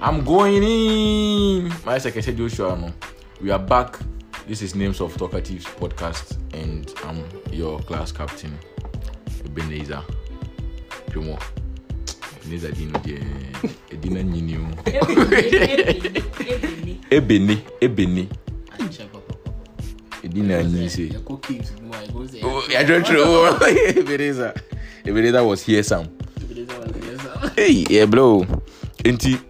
I'm going in. My secretary Joshua, no. we are back. This is Names of Talkatives podcast, and I'm your class captain, Ebenezer Pimo. Ebenezer Dino, Edina Nino. Ebene, Ebene. Edina Nisi. I don't know. Ebenezer. Ebenezer was here, Sam. Ebenezer was here, Sam. Hey, yeah, blow. Auntie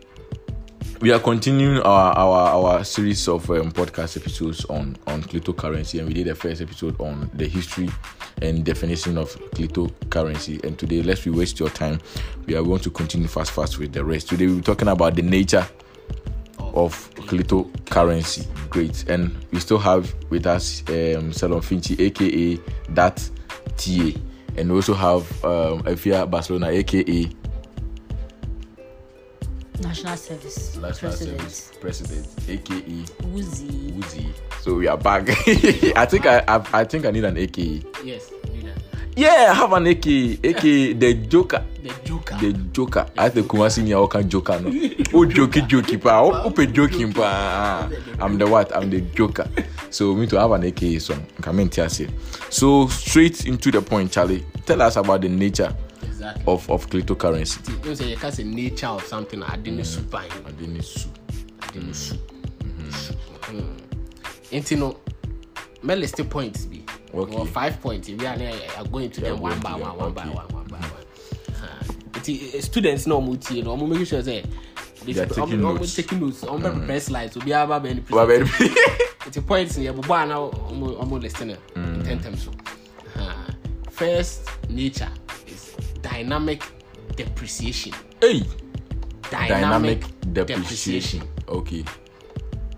we are continuing our our, our series of um, podcast episodes on on cryptocurrency and we did the first episode on the history and definition of cryptocurrency and today lest we waste your time we are going to continue fast fast with the rest today we'll be talking about the nature of cryptocurrency great and we still have with us um salon finchi aka that ta and we also have um Efia barcelona aka National Service National President. Service President, aka Uzi. Uzi. So we are back. I think I, I, I think I need an AKE. Yes, need Yeah, I have an AKE. AKE the Joker. The Joker. The Joker. I think Kumasi ni awokan Joker no. Oh jokey jokey pa. Oh, oh pe joking pa. Ah, I'm the what? I'm the Joker. So we need to have an AKE song. Come in, So straight into the point, Charlie. Tell us about the nature exactly. of of cryptocurrency. ti o sɛ yɛ ka sɛ nature of something ade ne su mm. ban. ade ne su. ade ne su. Mm-hmm. Mm. nti no mɛliste points bi. okay or five points if you are there i go them one by one one by mm-hmm. one one by one. nti students na ɔmo tie no ɔmo make sure say. they are taking notes ɔmo taking notes ɔmo bɛ prepare slides obi a ba bɛ ni present. nti points yɛ bɔbɔ ana ɔmo ɔmo listing it mm. ten so. Uh, first nature dynamic depreciation. Hey. Dynamic, dynamic depreciation. depreciation. Okay.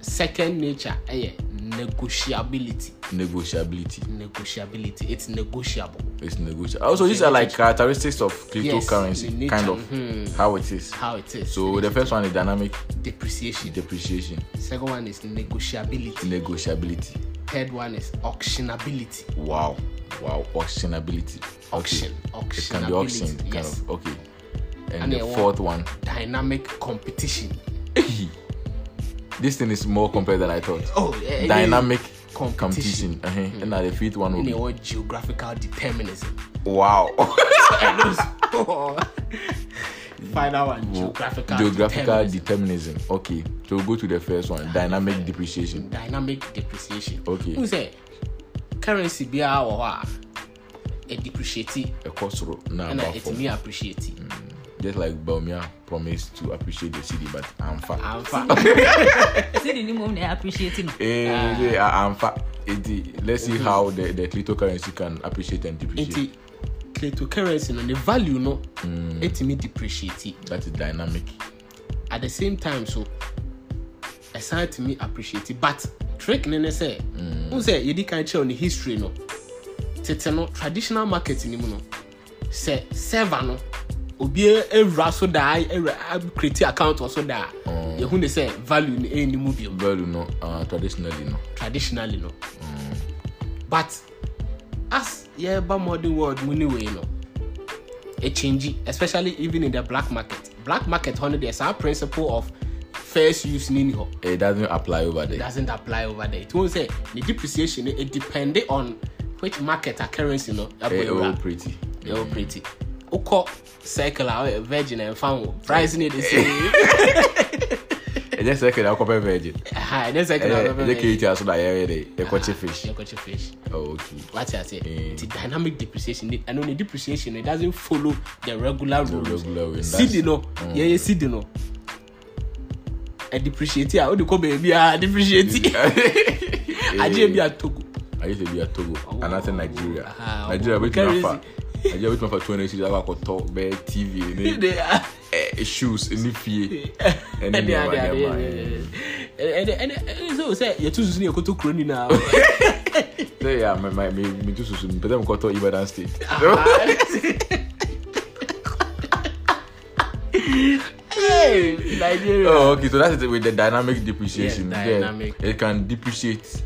Second nature ɛyɛ eh, negotiability. Negotiability. Negotiability. It's negotiable. It's negotiable. Also, okay. these are like characteristics of cryptocurrency, yes, kind of mm-hmm. how it is. How it is. So nature. the first one is dynamic depreciation. Depreciation. Second one is negotiability. Negotiability. Third one is auctionability. Wow. wow auctionability auction auction it can be auction yes. kind of okay and, and the fourth one dynamic competition this thing is more compared than i thought oh yeah, dynamic competition, competition. Uh-huh. Mm. and now the fifth one will be geographical determinism wow final one geographical, geographical determinism. determinism. okay so we'll go to the first one dynamic, dynamic depreciation dynamic depreciation okay who said currency biara wɔ hɔ a ɛdepreciate ɛkɔ soro na ɛna ɛtumi appreciate mm. just like Baumia promised to appreciate the CD, but I'm fat. I'm fat. City ni mum na appreciate no. Eh, I'm fat. It, let's see how the the cryptocurrency can appreciate and depreciate. It, cryptocurrency no the value no mm. it That is dynamic. At the same time, so aside to me appreciate, but trick ne ne sɛ mm. n sɛ yɛdi kan kyerɛ ne history no tete no traditional market ni mu no sɛ server no obi ewura so daa ewura create account so daa oh. Yehu ne sɛ value ni ɛyɛ ne mu bi mu. value no uh, traditionally no. traditionally no. Mm. but as yɛba modern world mu ni wei no e change especially even in the black market black market hɔ no deɛ saa principle of first use ni hɔ. it doesn't apply over there. it doesn't apply over there It won't say the depreciation it depend on which market a currency no. ẹ ẹ wọ pretty. ẹ eh, wọ oh, pretty wokɔ circle a ah, ɔyɛ eh, virgin ɛnfa wo oh, price ne de same. ɛnyɛ circle a wokɔpɛ virgin. ɛha ɛnyɛ circle a wokɔpɛ virgin. ɛnyɛ kiriti aso na yɛyɛ de yɛkɔkye fish. yɛkɔkye fish. oh okay. wati ase. Eh. nti dynamic depreciation ɛno ne depreciation it doesn't follow the regular rules. the regular way. sidi no yɛyɛ sidi no depreciate a wode kɔ baabi a depreciate agyeɛ eh. bi a togo agye sɛ bi a togo oh. anaasɛ nigeria ah, nigeria bɛtumi oh, afa nigeria bɛtumi afa two hundred cities akɔtɔ bɛyɛ tv ne eh, shoes eh, ne fie ɛne nneɛma nneɛma ɛnɛ ɛnɛ sɛ o sɛ yɛtu susu ne yɛkɔtɔ kuro nyinaa sɛ yɛ mɛ mɛ mɛ mɛ tu susu mɛ pɛtɛ mɛ kɔtɔ ibadan state. Ah. Nigeria. Oh, okay. So that's it with the dynamic depreciation. Yes, dynamic. Yeah, it can depreciate,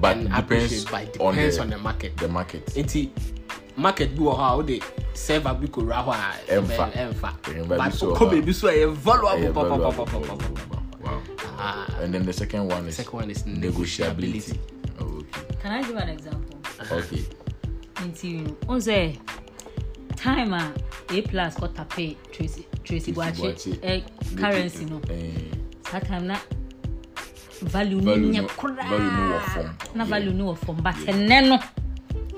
but depends but it depends on the, on the market. The market. It market bi wɔ hɔ a wo de server bi but kɔ baabi so valuable Wow. Uh, and then the second one is second one is negotiability. negotiability. Oh, okay. Can I give an example? Okay. Nti, on time a A plus to pay Tracy tracy guache eh, currency no eh. saa time na value no nyɛ koraa na value no wɔ fam but ɛnɛ no.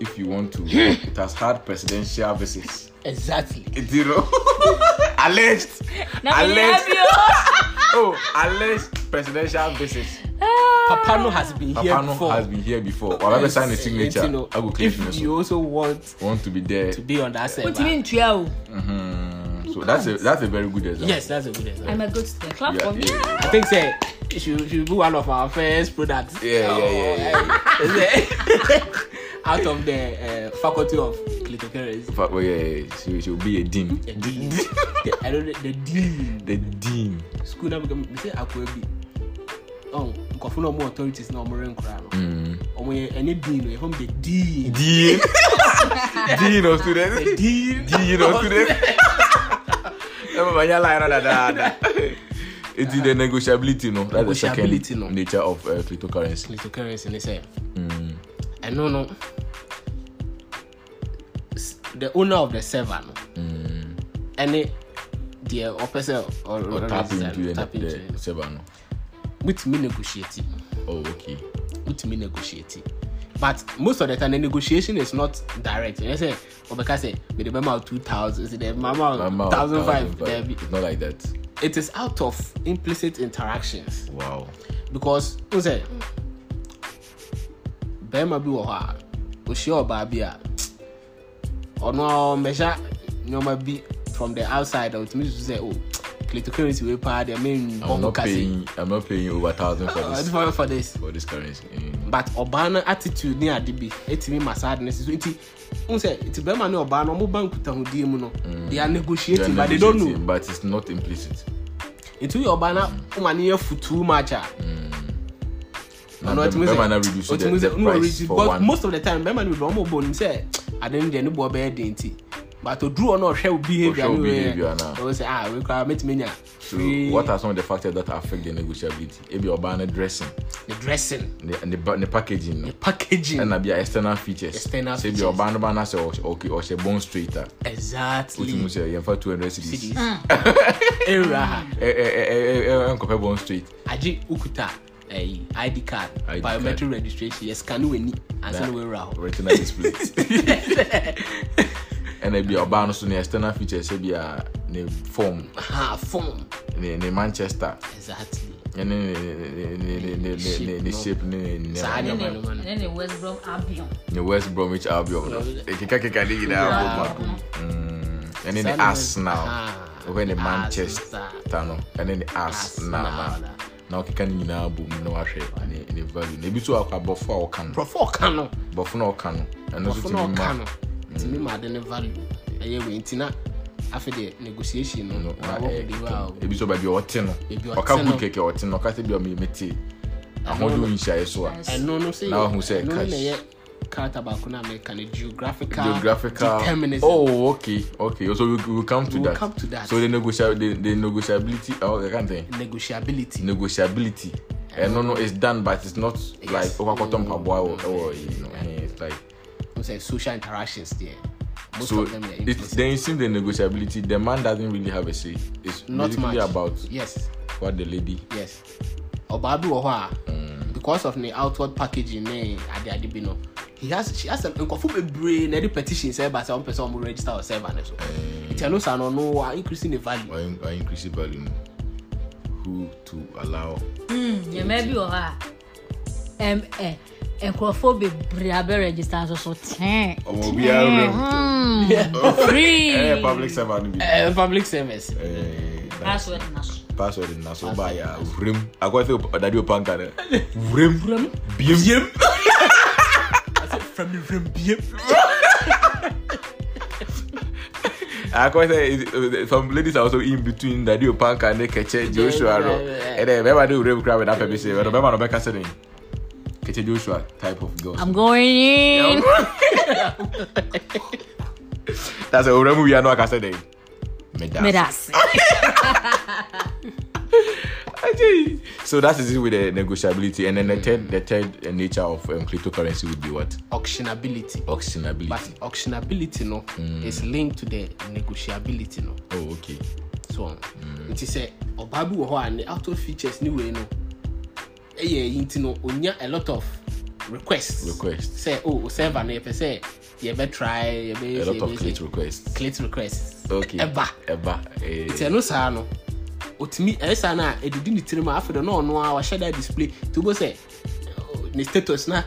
if you want to it has had presidential visits. exactly. Zero. you know alleged alleged oh alleged presidential visits. Ah. Papano has been Papano here Papano before. Papano has been here before. Well, I've signed a signature. You know, I will if you also want want to be there to be on that server. What do you mean, so that's a that's a very good example. Yes, that's a good example. I'm a good student. Clap yeah, for me. Yeah. I think say she should be one of our first products. Yeah, yeah, yeah, yeah. yeah. Oh, Out of the uh, faculty of clinical Fa- well, oh, yeah, yeah. She, she will be a dean. A dean. the, I don't know, the dean. The dean. School now become say Akwebi. Oh, nkɔfo no more mm. authorities now. More in no. ɔmo yɛ any dean no yɛ the dean. dean. dean of students. dean. dean of students ɛbɛbɛnyɛ line no dadaada nti the negotiability no that's the second no. nature of uh, cryptocurrency. cryptocurrency ne sɛ ɛno no the owner of the server no ɛne deɛ ɔpɛ or tap into the server Oh, wotumi negotiate wotumi negotiate but most of the time the negotiation is not direct you know say obeka say with the mama 2000 is the mama 1005 it's not like that it is out of implicit interactions wow because you say bɛrima bi wɔ hɔ a ohyia ɔbaa bi a ɔno mmɛhyɛ nneɛma bi from the outside ɔtumi susu sɛ o oh, cryptocurrency wey paa deɛ mɛ n bɔ mo kase i'm not paying i'm not paying over thousand for uh, this for this for this currency. Mm but ɔbaa no attitude ne ade bi ɛtumi ma saa de no si so nti n sɛ nti bɛrima ne ɔbaa no ɔmo ba nkutahudie mu no mm. they are negotiating but they don't know but it's not implicit nti yɛ ɔbaa na ɔma mm. ne yɛ fu too much a ɔno ɔtumi sɛ ɔtumi sɛ but most of the time bɛrima no bi bɛ ɔmo bɔ ne mu sɛ ade no deɛ ne bɔ ɔbɛyɛ den ti but oduru ọ̀nà ọ̀hwẹ́ behavior ni wẹ́ẹ́ ọ̀hún sẹ́ ah wẹ́ẹ́ kura mẹ́tìmẹ́ nya. so what are some of the factors that affect the negotiability ebi ọbaa ne dressing. ne dressing. ne ne ne packaging. ne packaging. ẹna bi a external features. external features sebi ọbaa ne ba na sẹ ọkẹ ọhyẹ bone straighter. exactly o ti mu sẹ yẹn fa two hundred cds. ewura ha. ẹ ẹ ẹ ẹ nkọfẹ bone straight. aje okuta ɛyi eh, id card biometric registration yɛ scan w'ani ansa na w'ewura hɔ. retina display. ɛna bi ɔbaa no so ne external features bi a ne form ha form ne ne manchester exactly ne ne ne ne ne ne ne ne ne ne ne ne ne west brom albion ne west bromwich albion no ekeka keka ne nyinaa bɔ ma ɛne ne arsenal wɔhɛ ne manchester no ɛne ne arsenal na na ɔkeka ne nyinaa bɔ mu na wahwɛ ne ne value na ebi so akɔ abɔfo a ɔka no bɔfo ɔka no bɔfo na ɔka no ɛno so tumi ma nti mi maa de ne value ɛyɛ wei nti na afei deɛ negotiation no mm, eh, ebi so baabi ɔte no ɔka gu kɛkɛ ɔte no ɔka sɛ bi ɔmi mete ahodoɔ nhyiaeɛ so a na wahu sɛ cash character baako na mɛka no geographical geographical determinism oh okay okay so we we we'll come to we that come to that so the negotiable the, the negotiability oh negotiability negotiability ɛno no it's done but it's not eh, it's, like ɔkɔ akɔtɔ mpaboa ɛwɔ ɛwɔ you know it's like people say social interactions there. Most so of them are it, then you see the negotiability. The man doesn't really have a say. It's not much about yes what the lady yes. Obabi wɔ mm. because of the outward packaging ne adi ade bi he has she has nkɔfo bebree brain. ɛde petition sɛ ba some person will register or seven. ne so. Nti ɛno sa no no wa increasing the value. Wa increase value who to allow. Nyɛmɛ bi wɔ hɔ a ɛm ɛ nkurɔfoɔ bebree abɛ register nso so ten. ọmọ obi a rẹ hmm. free. ẹ eh, public service ni bi. ẹ public service. password na so. password na so ba ya wurem akɔyɛ fɛ ɔdadi o panka dɛ wurem biem biem fɛmi wurem I go sɛ eh, eh, some ladies also in between dadi o panka ne kɛkyɛ joshua rɔ ɛdɛ bɛɛma de wurem kura bɛ na pɛ bi se ɛdɛ bɛɛma na ɔbɛ kasa ne. Kete Joshua type of girl. I'm going in. That's a horror movie I know I can Medas. Medas. so that is it with the negotiability, and then the third, the third nature of um, cryptocurrency would be what? Auctionability. Auctionability. But auctionability no mm. is linked to the negotiability no. Oh okay. So, mm. it is a obabu wɔ hɔ a ne auto features new way, no ɛyɛ ɛyi nti no onya a lot of requests Requests. sɛ o oh, server no yɛpɛ sɛ yɛbɛ try yɛbɛ a lot of click requests click requests okay ɛba ɛba eh. nti ɛno saa no otumi ɛyɛ saa no a ɛdidi ne tirim a afei dɛ na ɔno a wahyɛ da display to bo sɛ eh, ne status na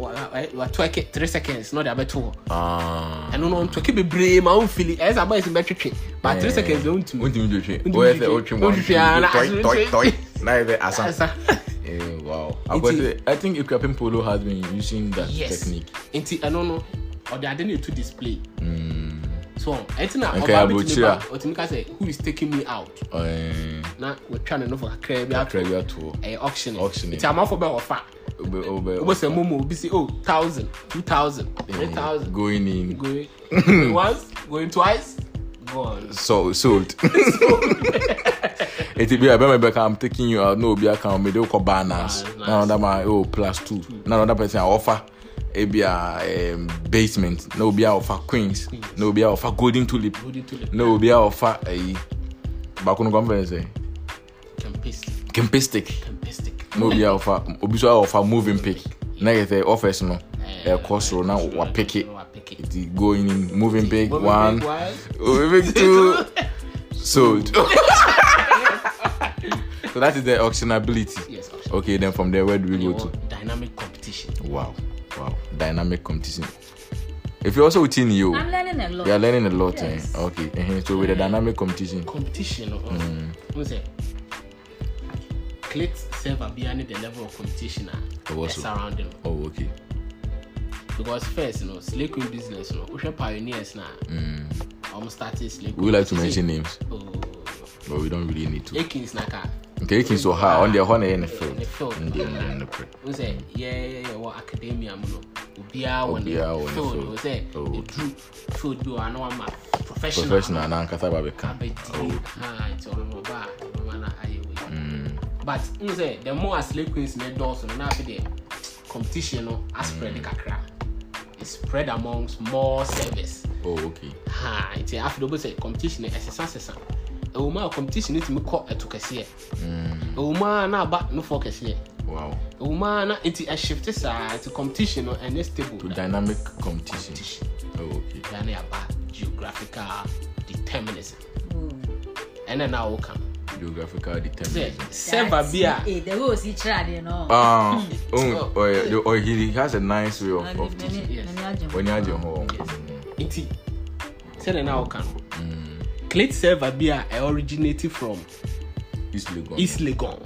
watwɛke three seconds na ɔde abɛto hɔ ah. ɛno no ntwɛke bebree ma womfili ɛyɛ sɛ abayɛ sɛ bɛtwetwe ba three eh. seconds ɛ wontumi wontumi twetwe woyɛ sɛ wotwe ma wotwe na asa wow. Inti, I think Equiapin Polo has been using that yes. technique. Inti, I don't no. Or they didn't to display. Mm. So, I think now, okay, Abuchira. Otimika say, who is taking me out? Uh, eh. now, we're trying to know for a crabby at crabby at all. A auction. Auction. It's a mouth for offer. What's a eh, mumu? Be say, oh, thousand, two thousand, eh, three thousand. Going in. Going once, going twice, gone. So sold. sold. nti bi a bɛrima bɛ ka i'm taking you out na obi aka omi de okɔ banners na another man oh plus two na hmm. another person a ɔfa ebi a um, basement na obi a ɔfa queens na obi a ɔfa golden tulip na obi a ɔfa ayi baako no conference ɛ kempistic na obi a ɔfa obi so a ɔfa moving pick na yɛ sɛ office no ɛkɔ soro na wapeke It going in moving pick one moving two sold. So that is the auctionability. Yes. Auctionability. Okay, then from there, where do we go to? Dynamic competition. Wow, wow, dynamic competition. If you're also within you, I'm learning a lot. You're learning a lot. Eh? Yes. Eh? Okay. Uh-huh. So with the dynamic competition. Competition. Uh, mm. What's it? Click server behind the level of competition uh, oh, surrounding. Oh, okay. Because first, you know, slay queen business, you know, we pioneers now. Mm. I'm starting We like to mention names. Oh. But we don't really need to. Akins Naka. Okay, nso ha a ɔno deɛ ɛhɔ na ɛyɛ ne fɛ ndeɛ ndeɛ ne pɛ o sɛ yɛ academia mu no obiara wɔ ne field o sɛ edu field bi wɔ ano ama professional professional na ankasa ba bɛ kan abɛdi ha nti ɔno no ɔba na ayɛ but n sɛ the more as lake queens ne dɔɔso no n'afɛ deɛ competition no the mm. kakra it spread amongst more service. oh okay. ha it's afei de o bɛ sɛ competition ɛsesa eh, sesa ɛwɔ mu a competition no tumi kɔ ɛto kɛseɛ mm. ɛwɔ mu a na aba no fɔ kɛseɛ ɛwɔ mu a na nti ɛshifte saa nti competition no ɛnyɛ stable to dynamic competition oh, mm. ɛna na yaba geographical determinism ɛna na awo kan geographical determinism. Seva Bia. Eh, the way he you know. Um, oh, oh, oh, oh he has a nice way of, of teaching. Yes. When you're at your home. Yes. Inti. Say the Clay server bi a ɛ originate from east legon east legon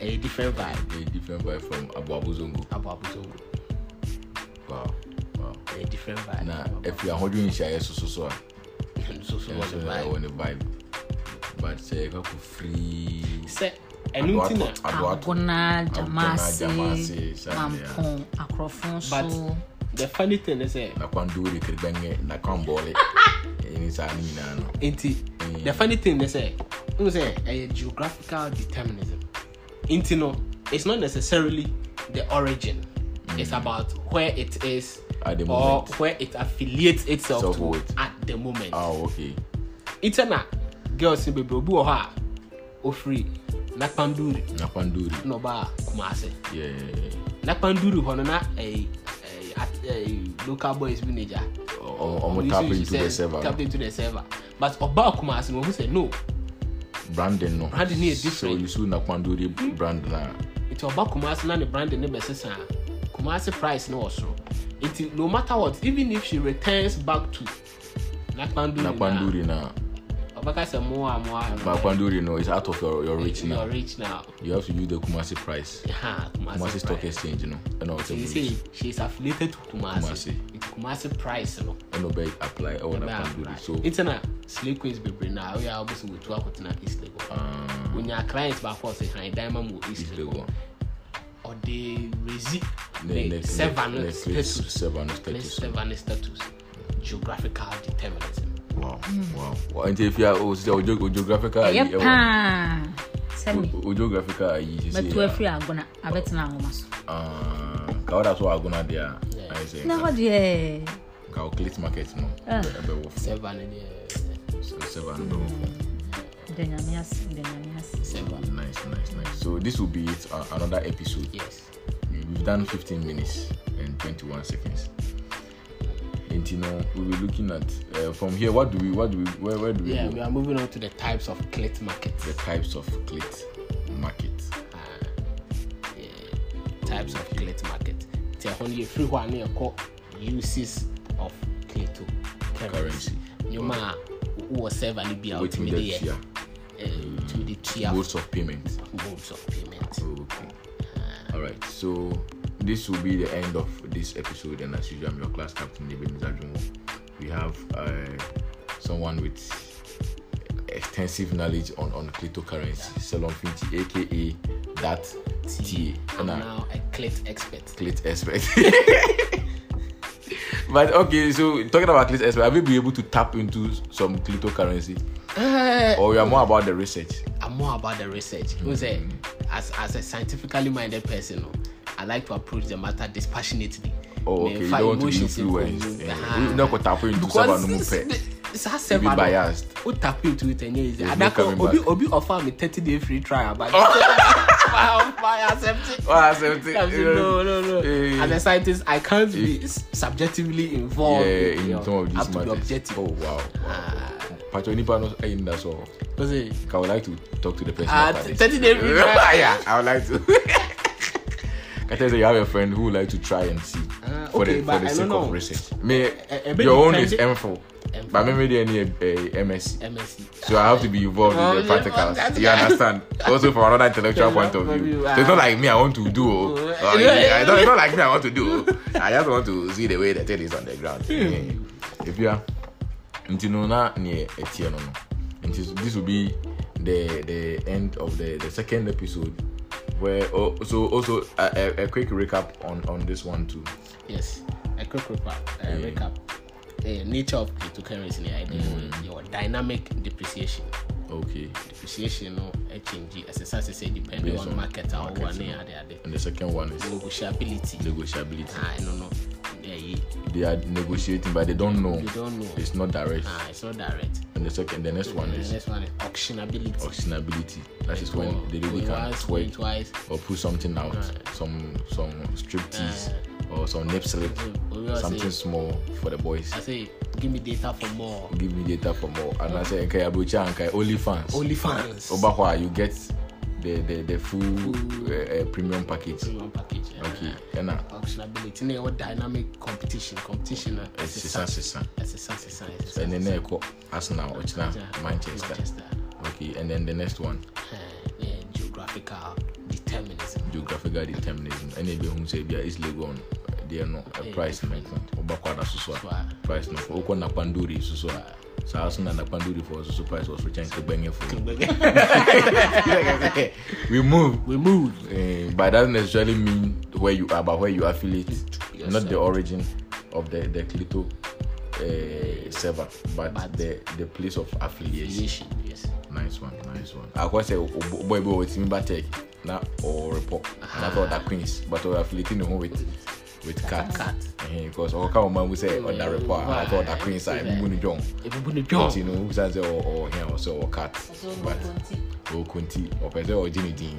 ɛyɛ different vibe ɛyɛ different vibe from abuabu zongo abuabu zongo wow wow ɛyɛ different vibe na efi ahodoɔ nhyia yɛ soso so a soso wɔ ne vibe but sɛ yɛ kakɔ free sɛ ɛnu ti na agona jamase mampɔn akorɔfo nso but the funny thing is ɛ nakwan duuri kiribɛnkɛ nakwan bɔɔli. saa ne nyinaa no nti mm. the funny thing ne sɛ n sɛ ɛyɛ geographical determinism nti no it's not necessarily the origin mm. it's about where it is at the moment. or where it affiliates itself so to what? at the moment. Oh, okay. Ita na girls ni bebree obi wɔ hɔ a ofiri napanduri. Napanduri. Na kumase. Yeah. Nakpanduri, hɔ no na ɛyi eh, ɛyi eh, eh, local boys bi na ọmọ tap to the server tap to the server but ọba akumasi mo n say no. branding no branding ni yɛ different so you see na kwando de brand na. nti ọba kumasi na ne branding ne bɛ sisan uh, kumasi price ne wɔ soro nti no matter what even if she returns back to nakpanduri na nakpanduri na. Obaka is a more and more. But Kwanduri, you know, it's out of your, your reach now. Your reach now. You have to use the Kumasi price. Yeah, Kumasi, Stock Exchange, you know. And all the see, she's affiliated to Kumasi. Kumasi. It's Kumasi price, you know. And obey apply all the Kwanduri. So it's na slay queens be bring now. Oh, we are obviously with two Akotana East Lego. Ah. When your clients back for say, hi, Diamond will East Lego. Or they resist. Seven status. Seven status. Seven status. Geographical determinism. Hmm. wow wow wow nti efia o sisi ojo grafika, ayi ɛwɔ ɛyɛ paa sɛmi ojo grafika, ayi sisi bɛtu efiri agona abɛtena ahoma so ah, kawo da so agona deɛ ayi sɛ na hɔ deɛ calculate market no ɛbɛ wɔ fún sɛba ne deɛ Nice, nice, nice. So this will be it, uh, another episode. Yes. We've done 15 minutes and 21 seconds. And you know, we'll be looking at uh, from here. What do we? What do we? Where, where do we? Yeah, go? we are moving on to the types of clit market. The types of clit market. Uh, yeah, types of clit market. Ti only a few hɔ a na yɛkɔ uses of clito currency. Nneɛma a wɔ server no bi a wotumi de yɛ. Wotumi de tua. Modes of payment. Modes of payment. Okay. Uh, All right. So. this will be the end of this episode. And as usual, I'm your class captain, David Mizajumo. We have uh, someone with extensive knowledge on, on cryptocurrency, Salon Finti, aka that T. I'm now, now a clit expert. Clit expert. but okay, so talking about clit expert, have you been able to tap into some cryptocurrency? Uh, or you are more about the research? I'm more about the research. Mm-hmm. as, as a scientifically minded person, I like to approach the matter dispassionately. Oh, okay. You don't want to be influenced. Yeah. Uh-huh. You don't tap into someone who saa sɛm ano biased o tap you to it ɛnyɛ I adaka obi obi offer me thirty day free trial but wow wow accept wow accept no no no yeah. as a scientist i can't be subjectively involved yeah, in, in terms of to be objective. oh wow, wow. pàtó nípa náà ẹyin ní dasọ. kò sí. i would like to talk to the person. ah thirty day free trial. yeah i would like to. I tell you, you have a friend who would like to try and see uh, for okay, the, for the sake of research. Eh, me, eh, eh, a, a your own is M4. M4. But maybe they need a, MSc. MSc. So I have to be involved in oh, the practicals. you understand? also from another intellectual point of view. So it's not like me, I want to do. it's not like me, I want to do. I just want to see the way the thing is on the ground. Hmm. If you are, this will be the the end of the, the second episode where oh, so also oh, a, a, a, quick recap on on this one too. Yes, a quick recap. a yeah. Recap. The nature of cryptocurrency, the idea mm your dynamic depreciation. Okay. Depreciation no a change as I say depending on, on market or one and the second one is negotiability. Negotiability. Ah, no know. They, are negotiating, but they don't know. They don't know. It's not direct. Ah, it's not direct. And the second, the next one is. The next one is auctionability. Auctionability. That is when they lady can twerk twice. or pull something out, some some striptease. Ah or some nip slip, something say, small for the boys. I say, give me data for more. Give me data for more. And I say, okay, Abucha, okay, only fans. Only fans. Obahwa, you get the the the full uh, uh, premium package. Premium package. Yeah. Okay. Ɛna. Functionability na ɛwɔ dynamic competition competition na. Ɛsesa sesa. Ɛsesa And then na ɛkɔ Arsenal ɔkyina Manchester. Manchester. Okay, and then the next one. Uh, yeah, geographical determinism. Geographical determinism. Ɛna ebi ehun sɛ ebi a is Legon deɛ no uh, eh, price na ɛkɔ ɔbɛkɔ ada price no. ɛkɔ ɔkɔ na panduri soso so saa so na nakpando for so surprise was to kebenge for me. we move, We move. Uh, but that doesn't necessarily mean where you are, but where you affiliate, yes, not sir. the origin of the the clito uh, server, but, but the the place of affiliation. affiliation yes. Nice one, nice one. I was say boy boy it's me take. Now, or report, and I ah. thought that queens, but we affiliating the home with with cat. cat. Yeah, because or come man we say on that report, I got that queen side, we bunu jong. You know, who says or or here or so or cat. But oh kunti or pese or jini din.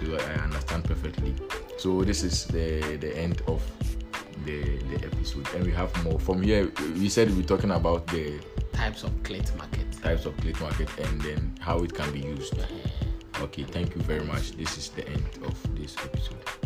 So I understand perfectly. So this is the the end of the the episode, and we have more from here. We said we're talking about the types of clit market, types of clit market, and then how it can be used. Okay, thank you very much. This is the end of this episode.